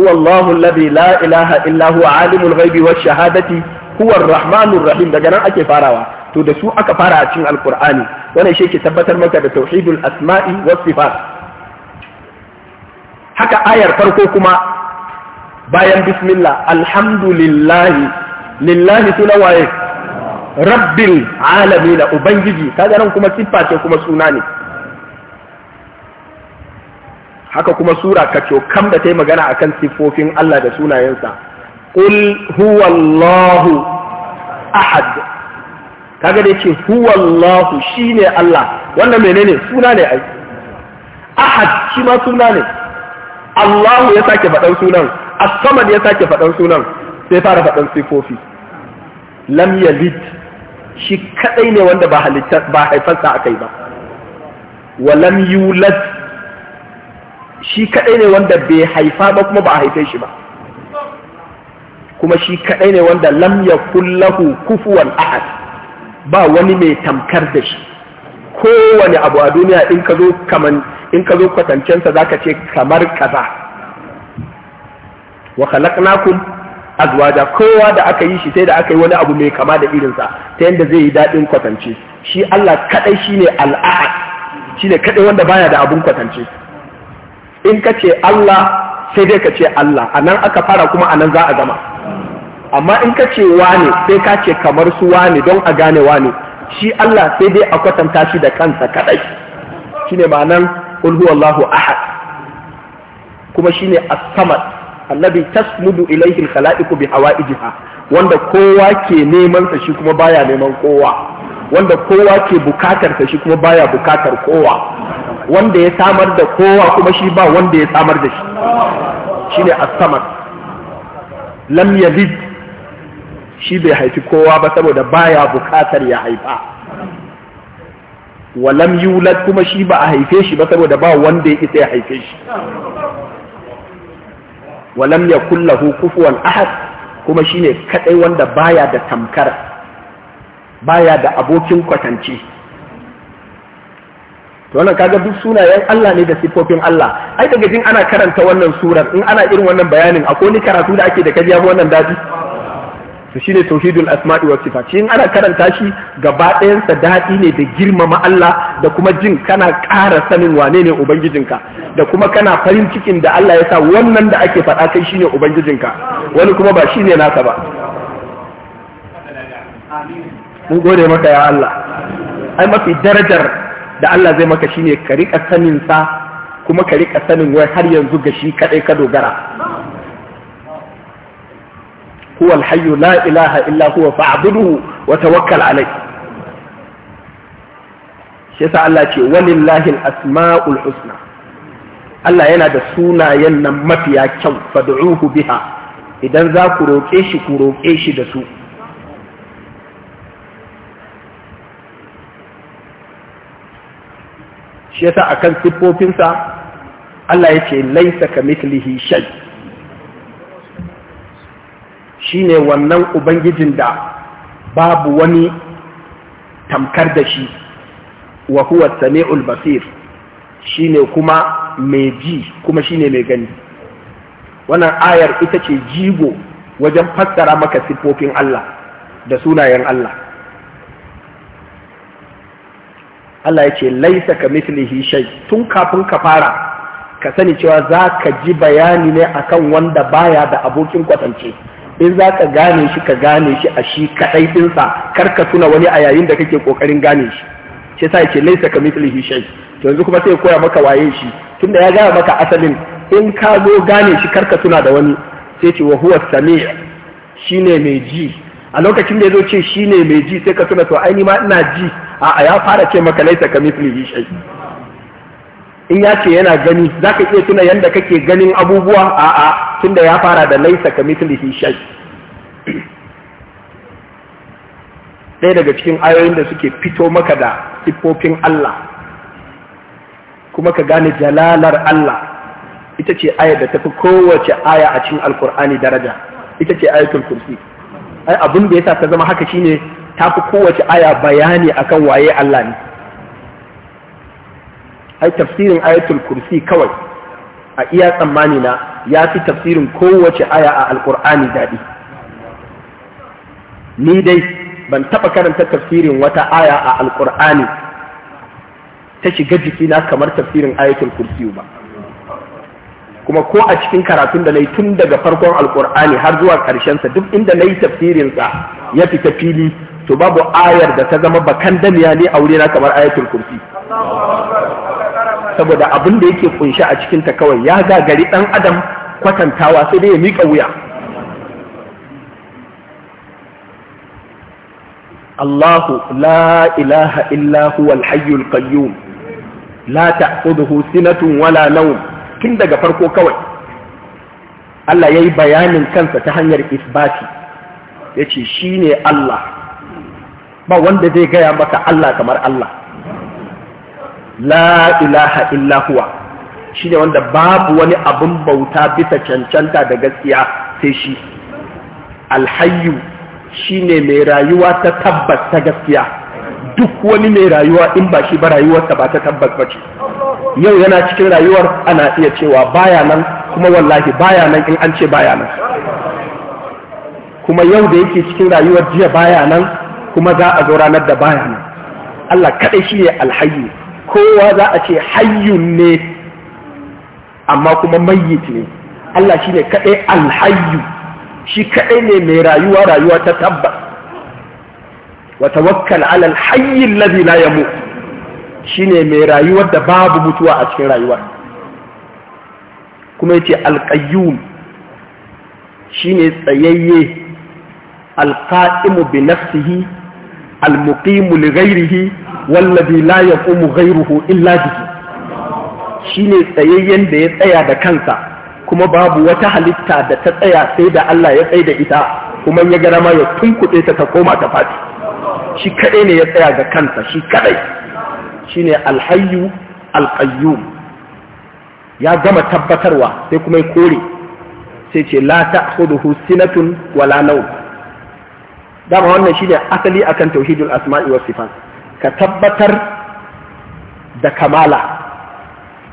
huwa Allahu alladhi la ilaha illa huwa alimul ghaibi wash shahadati huwa ar rahim daga nan ake farawa to da su aka fara a cikin alqur'ani wannan shi ke tabbatar maka da tauhidul asma'i was sifat haka ayar farko kuma bayan bismillah alhamdulillahi lillahi suna waye rabbil alamin ubangiji kaga nan kuma siffa ce kuma suna ne haka kuma sura kaco kam da ta yi magana akan siffofin Allah da sunayensa qul huwallahu ahad kaga da yake huwallahu shine Allah wannan menene suna ne ai ahad shi ma suna ne Allahu ya sake faɗan sunan as ya sake faɗan sunan sai fara faɗan sifofi lam yalid shi kadai ne wanda ba halitta ba haifarsa akai ba wa lam yulad shi kadai ne wanda bai haifa ba kuma ba a haife shi ba kuma shi kadai ne wanda lam yakul lahu kufuwan ahad ba wani mai tamkar da shi kowane abu a duniya in ka zo kaman in ka zo kwatancensa zaka ce kamar kaza wa khalaqnakum azwaja kowa da aka yi shi sai da aka yi wani abu mai kama da irinsa ta yadda zai yi daɗin kwatance shi Allah kadai shine al-ahad shine kadai wanda baya da abun kwatance in ka ce Allah sai dai ka ce Allah anan aka fara kuma anan za a gama amma in ka ce wane sai ka ce kamar su wane don a gane wane shi Allah sai dai a kwatanta shi da kansa kadai shine ma'anar qul huwallahu ahad kuma shine as-samad allabi tasmudu ilaihi al-khalaiqu bi hawaijiha wanda kowa ke neman sa shi kuma baya neman kowa wanda kowa ke bukatar sa shi kuma baya bukatar kowa wanda ya samar da kowa kuma shi ba wanda ya samar da shi shine as-samad lam yalid shi bai haifi kowa ba saboda baya bukatar ya haifa walam yulad kuma shi ba a haife shi ba saboda ba wanda ya isa ya haife shi walam ya kullahu kufuwan ahad kuma shine kadai wanda baya da tamkar baya da abokin kwatance to wannan kaga duk sunayen Allah ne da sifofin Allah ai daga jin ana karanta wannan surar in ana irin wannan bayanin akwai ni karatu da ake da kaji wannan dadi to shine tauhidul asma'i was sifat Shin ana karanta shi gaba ɗayansa daɗi ne da girmama Allah da kuma jin kana ƙara sanin wane ne ubangijinka da kuma kana farin cikin da Allah ya sa wannan da ake faɗa kai shine ubangijinka wani kuma ba shine nasa ba mun gode maka ya Allah ai mafi darajar da Allah zai maka shine ka rika sanin sa kuma ka rika sanin wai har yanzu ga shi kadai ka dogara huwa alhayyu la ilaha illa huwa fa'buduhu wa tawakkal alayh shi Allah ce walillahi al-asma'ul husna Allah yana da sunayen nan mafiya kyau fad'uhu biha idan za ku roƙe shi ku roƙe shi da su shi yasa akan siffofinsa Allah ya ce laisa ka mislihi shay Shi ne wannan ubangijin da babu wani tamkar da shi wa huwa sami'ul basir ne kuma mai ji kuma shi ne mai gani wannan ayar ita ce jigo wajen fassara maka siffofin Allah da sunayen Allah Allah ya ce laisa ka mislihi hishai tun kafin ka fara ka sani cewa za ka ji bayani ne akan wanda baya da abokin kwatance in za ka gane shi ka gane shi a shi kaɗai ɗinsa kar ka tuna wani a yayin da kake ƙoƙarin gane shi shi sa yake laisa ka shi shai to yanzu kuma sai koya maka waye shi tunda ya gaya maka asalin in ka zo gane shi kar ka tuna da wani sai ce wa huwa sami' ne mai ji a lokacin da ya zo ce shi ne mai ji sai ka tuna to ai ma ina ji a ya fara ce maka laisa ka shi shai in ya ce yana gani za ka iya tuna yadda kake ganin abubuwa a'a tunda ya fara da laisa ka mislihi shay ɗaya daga cikin ayoyin da suke fito maka da siffofin Allah kuma ka gane jalalar Allah ita ce aya da tafi kowace aya a cikin alkur'ani daraja ita ce ayatul kursi ai abin da yasa ta zama haka shine tafi kowace aya bayani akan waye Allah ne ai tafsirin ayatul kursi kawai a iya tsammani na ya fi tafsirin kowace aya a alkur'ani daɗi ni dai ban taɓa karanta tafsirin wata aya a alkur'ani ta shiga jikina kamar tafsirin ayatul kursiyu ba kuma ko a cikin karatun da na yi tun daga farkon alkur'ani har zuwa ƙarshensa duk inda na yi tafsirinsa ya fita fili to babu ayar da ta zama bakan damiya ne a wurina kamar ayatul kursi saboda abin da yake kunshi a cikinta kawai ya gagari ɗan adam kwatantawa sai dai ya miƙa wuya Allahu la ilaha illa al hayyul qayyum la ta'khudhuhu sinatun wala nawm tun daga farko kawai Allah yayi bayanin kansa ta hanyar isbati yace shine Allah ba wanda zai gaya maka Allah kamar Allah la ilaha illa huwa shine wanda babu wani abin bauta bisa cancanta da gaskiya sai shi alhayyu shine mai rayuwa ta tabbas ta gaskiya duk wani mai rayuwa in ba shi ba rayuwarsa ba ta tabbas ba ce yau yana cikin rayuwar ana iya cewa baya nan kuma wallahi baya nan in an ce baya nan kuma yau da yake cikin rayuwar jiya baya nan kuma za a zo ranar da baya nan Allah kaɗai shi ne alhayyu kowa za a ce hayyun ne amma kuma mayyit ne Allah shine kadai alhayyu shi kadai ne mai rayuwa rayuwa ta tabbas wa tawakkal ala alhayy alladhi la yamut shine mai rayuwar da babu mutuwa a cikin rayuwar kuma yace alqayyum shine tsayayye alqa'imu bi nafsihi almuqimu li wallabi la yaqumu ghayruhu illa shi ne tsayayyen da ya tsaya da kansa kuma babu wata halitta da ta tsaya sai da Allah ya tsai da ita kuma ya gara ma ya tunkuɗe ta ta koma ta fati shi kaɗai ne ya tsaya ga kansa shi Shi ne alhayyu alqayyum ya gama tabbatarwa sai kuma ya kore sai ce la ta'khudhuhu sinatun wala nawm dama wannan shine asali akan tauhidul asma'i wa sifat ka tabbatar da kamala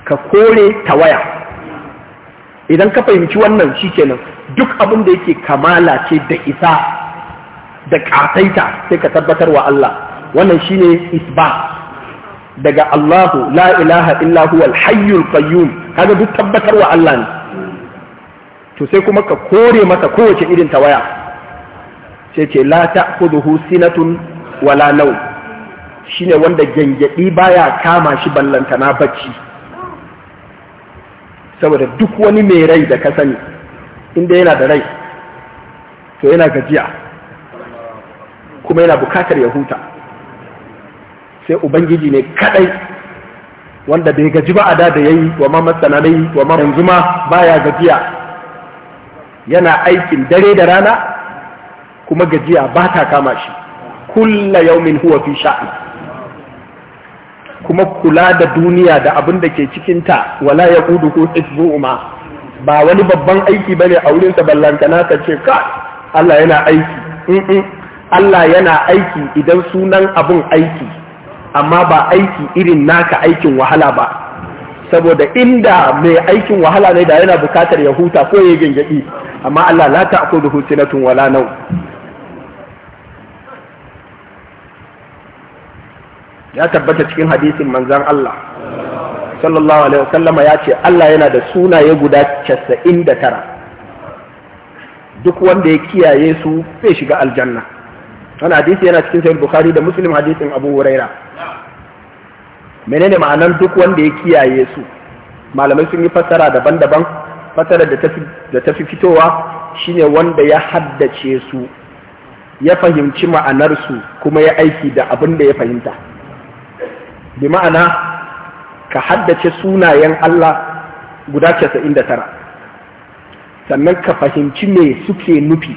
ka kore ta waya, idan ka fahimci wannan shi kenan duk abin da yake kamala ce da isa da ƙasaita sai ka tabbatar wa Allah wannan shi ne isba daga Allahu la ilaha illahu alhayyul hayyul qayyum kaga duk tabbatar wa Allah ne to sai kuma ka kore mata kowace irin tawaya sai ce la ta'khudhuhu sinatun wala nawm Shi ne wanda gyangyaɗi baya kama shi ballantana bacci saboda duk wani mai rai da ka sani inda yana da rai to yana gajiya kuma yana bukatar ya huta sai ubangiji ne kadai wanda bai gaji ba a da da yi wa ma matsana wa ma yanzu ma baya gajiya yana aikin dare da rana kuma gajiya ba ta kama shi kulla yaumin huwa fi sha'ani kuma kula da duniya da abin da ke cikinta wala ya kudu ko isbu'uma. ba wani babban aiki bane a wurin sa ballantana ka ce ka Allah yana aiki in Allah yana aiki idan sunan abun aiki amma ba aiki irin naka aikin wahala ba saboda inda mai aikin wahala ne da yana bukatar ya huta ko ya gangaɗi amma Allah la ta'khudhuhu sinatun wala nawm ya tabbata cikin hadisin manzan Allah sallallahu alaihi wasallama ya ce Allah yana da sunaye guda casa'in da tara duk wanda ya kiyaye su zai shiga aljanna wani hadisi yana cikin sahih bukhari da muslim hadisin abu huraira menene ma'anar duk wanda ya kiyaye su malamai sun yi fassara daban-daban fassarar da ta fi fitowa shine wanda ya haddace su ya fahimci ma'anarsu kuma ya aiki da abin da ya fahimta bi ma'ana ka haddace sunayen Allah guda da 99 sannan ka fahimci me suke nufi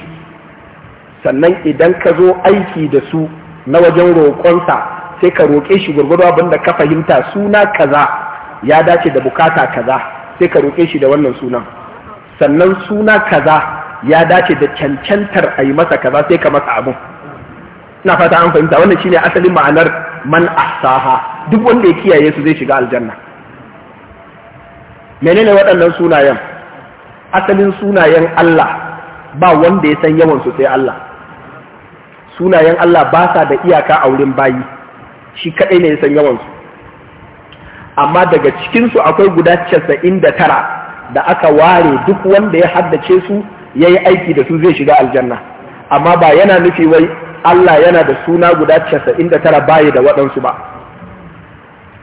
sannan idan ka zo aiki da su na wajen roƙonsa sai ka roƙe shi gurgudu abin da ka fahimta suna kaza ya dace da bukata kaza sai ka roƙe shi da wannan sunan sannan suna kaza ya dace da cancantar a yi masa kaza sai ka masa abun. ina fata an fahimta wannan shine asalin ma'anar man ahsaha duk wanda ya kiyaye su zai shiga aljanna menene waɗannan sunayen asalin sunayen Allah ba wanda ya san yawan su sai Allah sunayen Allah ba sa da iyaka a wurin bayi shi kaɗai ne ya san yawan su amma daga cikinsu akwai guda casa'in da tara da aka ware duk wanda ya haddace su ya yi aiki da su zai shiga aljanna amma ba yana nufi wai Allah yana da suna guda tara baya da waɗansu ba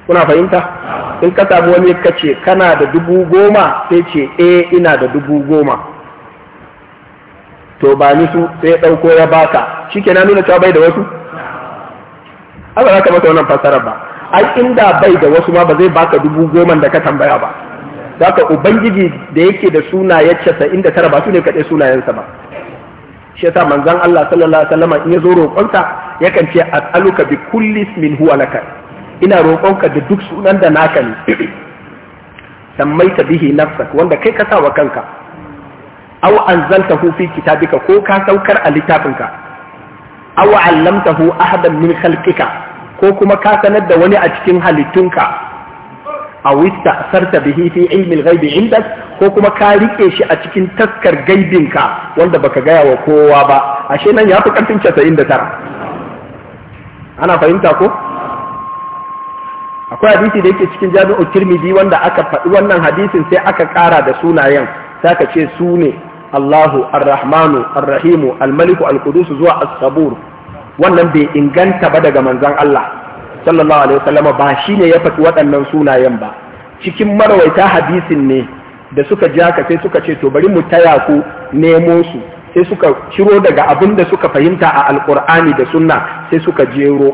kuna fahimta in ka samu wani ka ce kana da dubu goma sai ce e ina da dubu goma to ba ni su sai ɗauko ya baka shi ke na nuna cewa bai da wasu Allah za ka mata wannan fasarar ba ai inda bai da wasu ma ba zai baka dubu goma da ka tambaya ba za ka Ubangiji da yake da sunayen casa'in da tara ba su ne kaɗai sunayensa ba, shi yasa manzon Allah sallallahu alaihi wasallam in ya zo roƙonka yakan ce as'aluka bi kulli ismin huwa laka ina roƙonka da duk sunan da naka ne sammaita bihi nafsak wanda kai ka sa wa kanka aw anzaltahu fi kitabika ko ka saukar a littafinka aw allamtahu ahadan min khalqika ko kuma ka sanar da wani a cikin halittunka a wista sarta bihi fi ilmi ghaibi ko kuma ka rike shi a cikin taskar gaibinka wanda baka gaya wa kowa ba ashe nan ya fi karfin tara, ana fahimta ko akwai hadisi da yake cikin jami'u tirmidhi wanda aka faɗi wannan hadisin sai aka ƙara da sunayen sai ka ce su ne Allahu ar arrahimu ar alkudusu Al-Maliku zuwa As-Sabur wannan bai inganta ba daga manzon Allah sallallahu alaihi wasallama ba shi ne ya faɗi waɗannan sunayen ba cikin marawaita hadisin ne da suka ja ka sai suka ce to bari mu taya ku nemo su sai suka ciro daga abin da suka fahimta a alkur'ani da sunna sai suka jero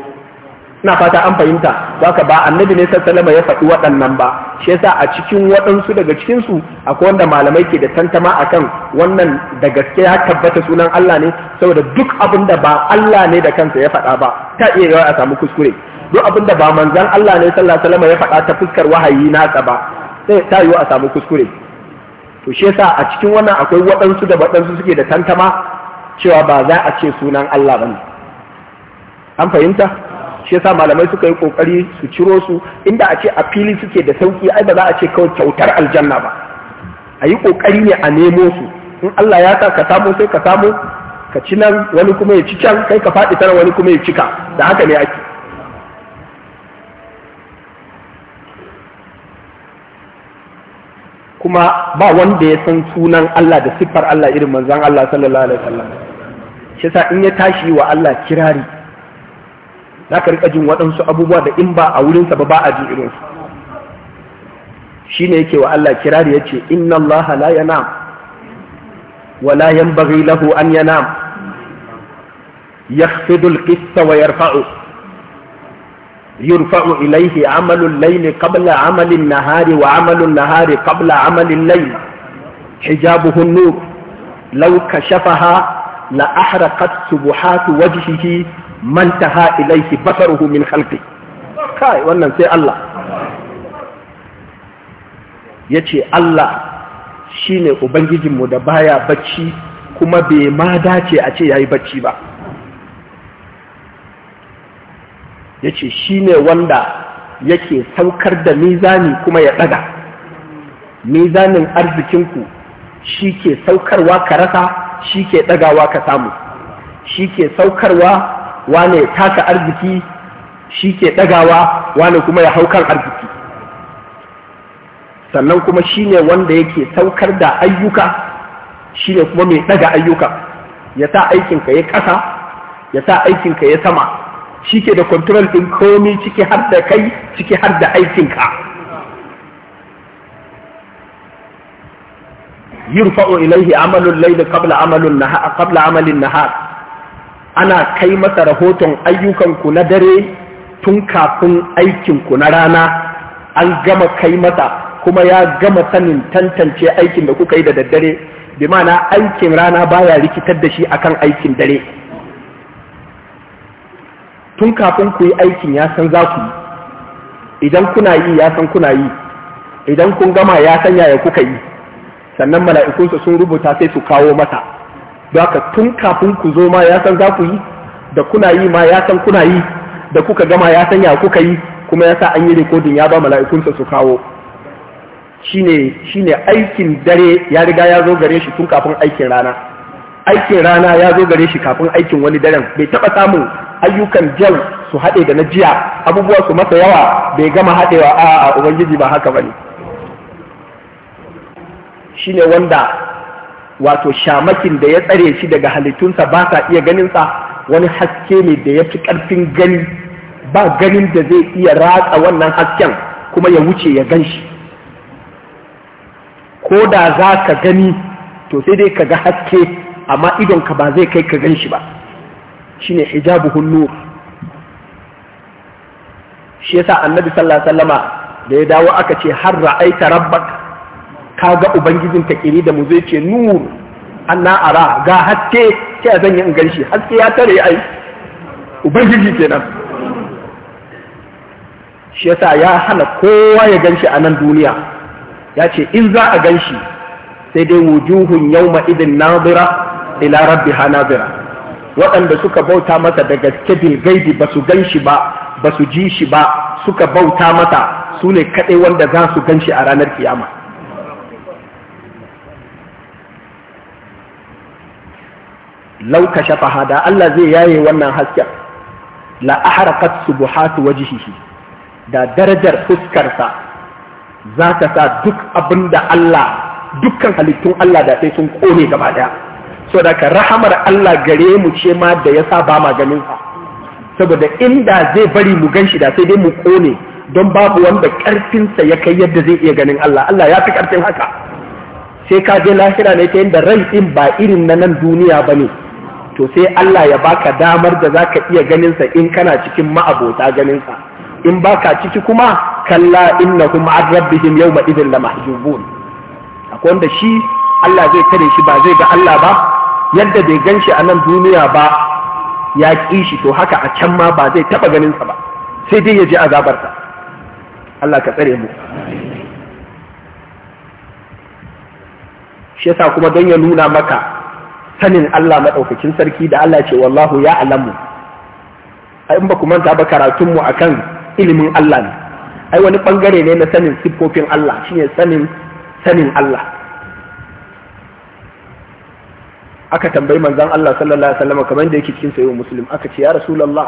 ina fata an fahimta haka ba annabi ne sallama ya faɗi waɗannan ba shi yasa a cikin waɗansu daga cikin su akwai wanda malamai ke da tantama akan wannan da gaske ya tabbata sunan Allah ne saboda duk abin da ba Allah ne da kansa ya faɗa ba ta iya yawa a samu kuskure duk abin da ba manzan Allah ne sallallahu alaihi wasallam ya faɗa ta fuskar wahayi na ba sai ta yiwu a samu kuskure to shi yasa a cikin wannan akwai waɗansu da waɗansu suke da tantama cewa ba za a ce sunan Allah bane an fahimta shi yasa malamai suka yi kokari su ciro su inda a ce a fili suke da sauki ai ba za a ce kawai kyautar aljanna ba a yi kokari ne a nemo su in Allah ya sa ka samu sai ka samu ka ci nan wani kuma ya ci can kai ka faɗi tara wani kuma ya cika da haka ne ake kuma ba wanda ya san sunan Allah da siffar Allah irin manzan Allah sallallahu alaihi wasallam shi yasa in ya tashi wa Allah kirari ka rika jin waɗansu abubuwa da in ba a wurinsa ba ba a jin irin su shine yake wa Allah kirari yace inna Allah la yanam wa la yanbaghi lahu an yanam yakhfidu al-qissa wa yarfa'u يرفع إليه عمل الليل قبل عمل النهار وعمل النهار قبل عمل الليل حجابه النور لو كشفها لأحرقت سبحات وجهه ما انتهى إليه بصره من خلقه كاي wannan sai Allah yace Allah shine ubangijinmu da baya bacci kuma bai ma dace a ce yayi bacci ba yace shine wanda yake saukar da mizani kuma ya ɗaga mizanin arzikinku shi ke saukarwa ka rasa shi ke ɗagawa ka samu shi ke saukarwa wane taka arziki shi ke ɗagawa wane kuma ya kan arziki sannan kuma shi ne wanda yake saukar da ayyuka shi ne kuma mai ɗaga ayyuka ya sa aikinka ya ƙasa ya sa aikinka ya sama shi ke da control ɗin komi ciki har da kai ciki har da aikinka yurfa'u ilaihi amalun laili qabla amalun nahar qabla amalin nahar ana kai masa rahoton ayyukan ku na dare tun kafin aikinku na rana an gama kai masa kuma ya gama sanin tantance aikin da kuka yi da daddare bi ma'ana aikin rana baya rikitar da shi akan aikin dare tun kafin ku yi aikin ya san za ku yi idan kuna yi ya san kuna yi idan kun gama ya san yaya kuka yi sannan mala'ikunsa sun rubuta sai su kawo mata don haka tun kafin ku zo ma ya san za ku yi da kuna yi ma ya san kuna yi da kuka gama ya san yaya kuka yi kuma ya sa an yi rikodin ya ba mala'ikunsa su kawo shine aikin dare ya riga ya zo gare shi tun kafin aikin rana aikin rana ya zo gare shi kafin aikin wani daren bai taba samun ayyukan jal su haɗe da na jiya abubuwa su masa yawa bai gama haɗewa a a ubangiji ba haka bane shine wanda wato shamakin da ya tsare shi daga halittunsa ba sa iya ganinsa wani haske ne da ya fi ƙarfin gani ba ganin da zai iya ratsa wannan hasken kuma ya wuce ya gan shi ko da za ka gani to sai dai ka ga haske amma idonka ba zai kai ka gan shi ba ne hijabuhun nur shi yasa annabi sallallahu alaihi wasallama da ya dawo aka ce har ra'aita rabbak ka ga ubangijin ta kiri da mu zai ce nur anna ara ga haske ke a zan yi in ganshi haske ya tare ai ubangiji kenan shi yasa ya hana kowa ya ganshi a nan duniya ya ce in za a ganshi sai dai wujuhun yawma idin nadira ila rabbiha nadira waɗanda suka bauta masa da gaske bilgaidi ba su gan shi ba ba su ji shi ba suka bauta mata. su ne kaɗai wanda za su gan shi a ranar kiyama lauka shafa hada Allah zai yaye wannan hasken la aharqat subuhatu wajhihi da darajar fuskarsa za ta sa duk abin da Allah dukkan halittun Allah da sai sun kone gaba daya so da ka rahamar Allah gare mu ce ma da yasa ba ma ganin sa saboda inda zai bari mu gan shi da sai dai mu kone don babu wanda karfinsa ya kai yadda zai iya ganin Allah Allah ya fi karfin haka sai ka je lahira ne ta yadda rai ɗin ba irin na nan duniya ba ne to sai Allah ya baka damar da zaka iya ganin sa in kana cikin ma'abota ganin sa in baka ciki kuma kalla innahum an rabbihim yawma idhin la mahjubun akwai wanda shi Allah zai kare shi ba zai ga Allah ba yadda bai gan shi a nan duniya ba ya ƙi shi to haka a can ma ba zai taɓa ganinsa ba sai dai ya je azabarsa Allah ka tsare mu shi yasa kuma don ya nuna maka sanin Allah maɗaukakin sarki da Allah ce wallahu ya alamu ai in ba ku manta ba karatunmu akan ilimin Allah ne ai wani ɓangare ne na sanin siffofin Allah shine sanin sanin Allah aka tambayi manzon Allah sallallahu alaihi wasallam kamar da yake cikin sayyid muslim aka ce ya rasulullah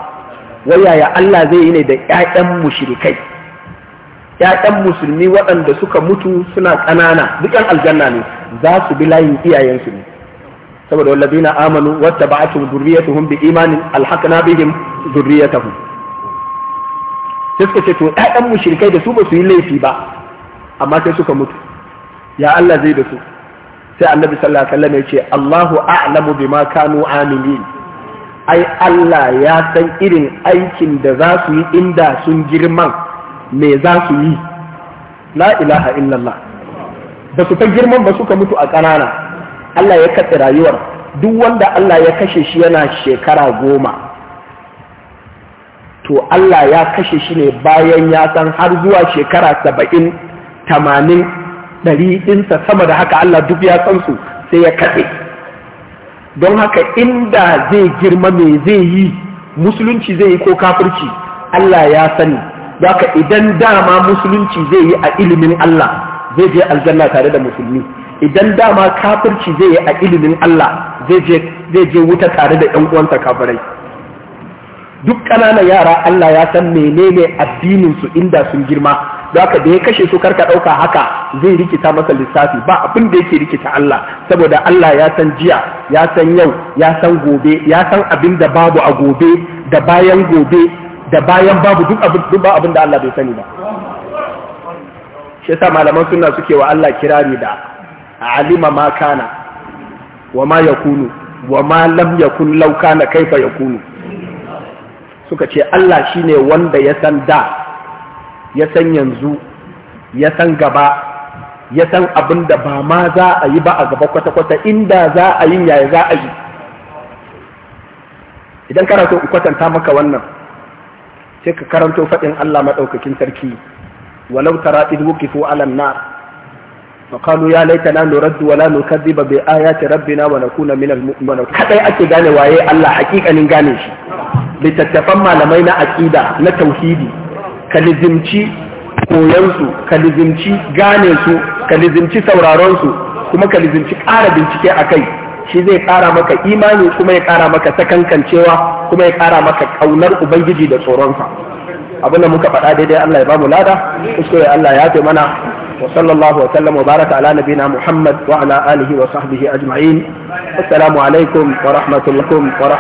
wai yaya Allah zai yi ne da ƴaƴan mushrikai ƴaƴan musulmi waɗanda suka mutu suna ƙanana dukan aljanna ne za su bi layin iyayensu ne saboda wallazina amanu wattaba'atuhum dhurriyyatuhum biimanin alhaqna bihim dhurriyyatahum sai suka ce to ƴaƴan mushrikai da su ba su yi laifi ba amma sai suka mutu ya Allah zai da su sai annabi sallallahu alaihi wasallam ya ce Allahu a'lamu bima kanu amilin ai Allah ya san irin aikin da za su yi inda sun girman me za su yi la ilaha illallah ba su ta girman ba suka mutu a ƙanana Allah ya katse rayuwar duk wanda Allah ya kashe shi yana shekara goma to Allah ya kashe shi ne bayan ya san har zuwa shekara saba'in tamanin ɗari ɗinsa sama da haka Allah duk ya san su sai ya katse don haka inda zai girma mai zai yi musulunci zai yi ko kafirci Allah ya sani haka idan dama musulunci zai yi a ilimin Allah zai je aljanna tare da musulmi idan dama kafirci zai yi a ilimin Allah zai je wuta tare da 'yan uwansa kafirai duk ƙananan yara Allah ya san menene addinin su inda sun girma da haka da ya kashe su karka ɗauka haka zai rikita masa lissafi ba abin da yake rikita Allah saboda Allah ya san jiya ya san yau ya san gobe ya san abin da babu a gobe da bayan gobe da bayan babu duk abin duk abin da Allah bai sani ba shi yasa malaman sunna suke wa Allah kirari da alima ma kana wa ma yakunu wa ma lam yakun law kana kaifa yakunu suka ce Allah shi ne wanda ya san da ya san yanzu ya san gaba ya san abin da ba ma za a yi ba a gaba kwata-kwata inda za a yi yaya za a yi idan kana so kwatanta maka wannan sai ka karanto faɗin Allah maɗaukakin sarki walau tara idh wuqifu ala nar fa qalu ya laitana nuraddu wa la nukadhiba bi rabbi na wa nakuna minal mu'minin Kaɗai ake gane waye Allah hakikanin gane shi littattafan malamai na aƙida na tauhidi ka lizimci koyansu ka lizimci gane su ka lizimci sauraronsu kuma ka lizimci ƙara bincike a kai shi zai ƙara maka imani kuma ya ƙara maka sakankancewa kuma ya ƙara maka ƙaunar ubangiji da tsoronsa abin da muka faɗa daidai Allah ya bamu lada kuskure Allah ya mana wa sallallahu wa sallam wa baraka ala nabina Muhammad wa ala alihi wa sahbihi ajma'in assalamu alaikum wa rahmatullahi wa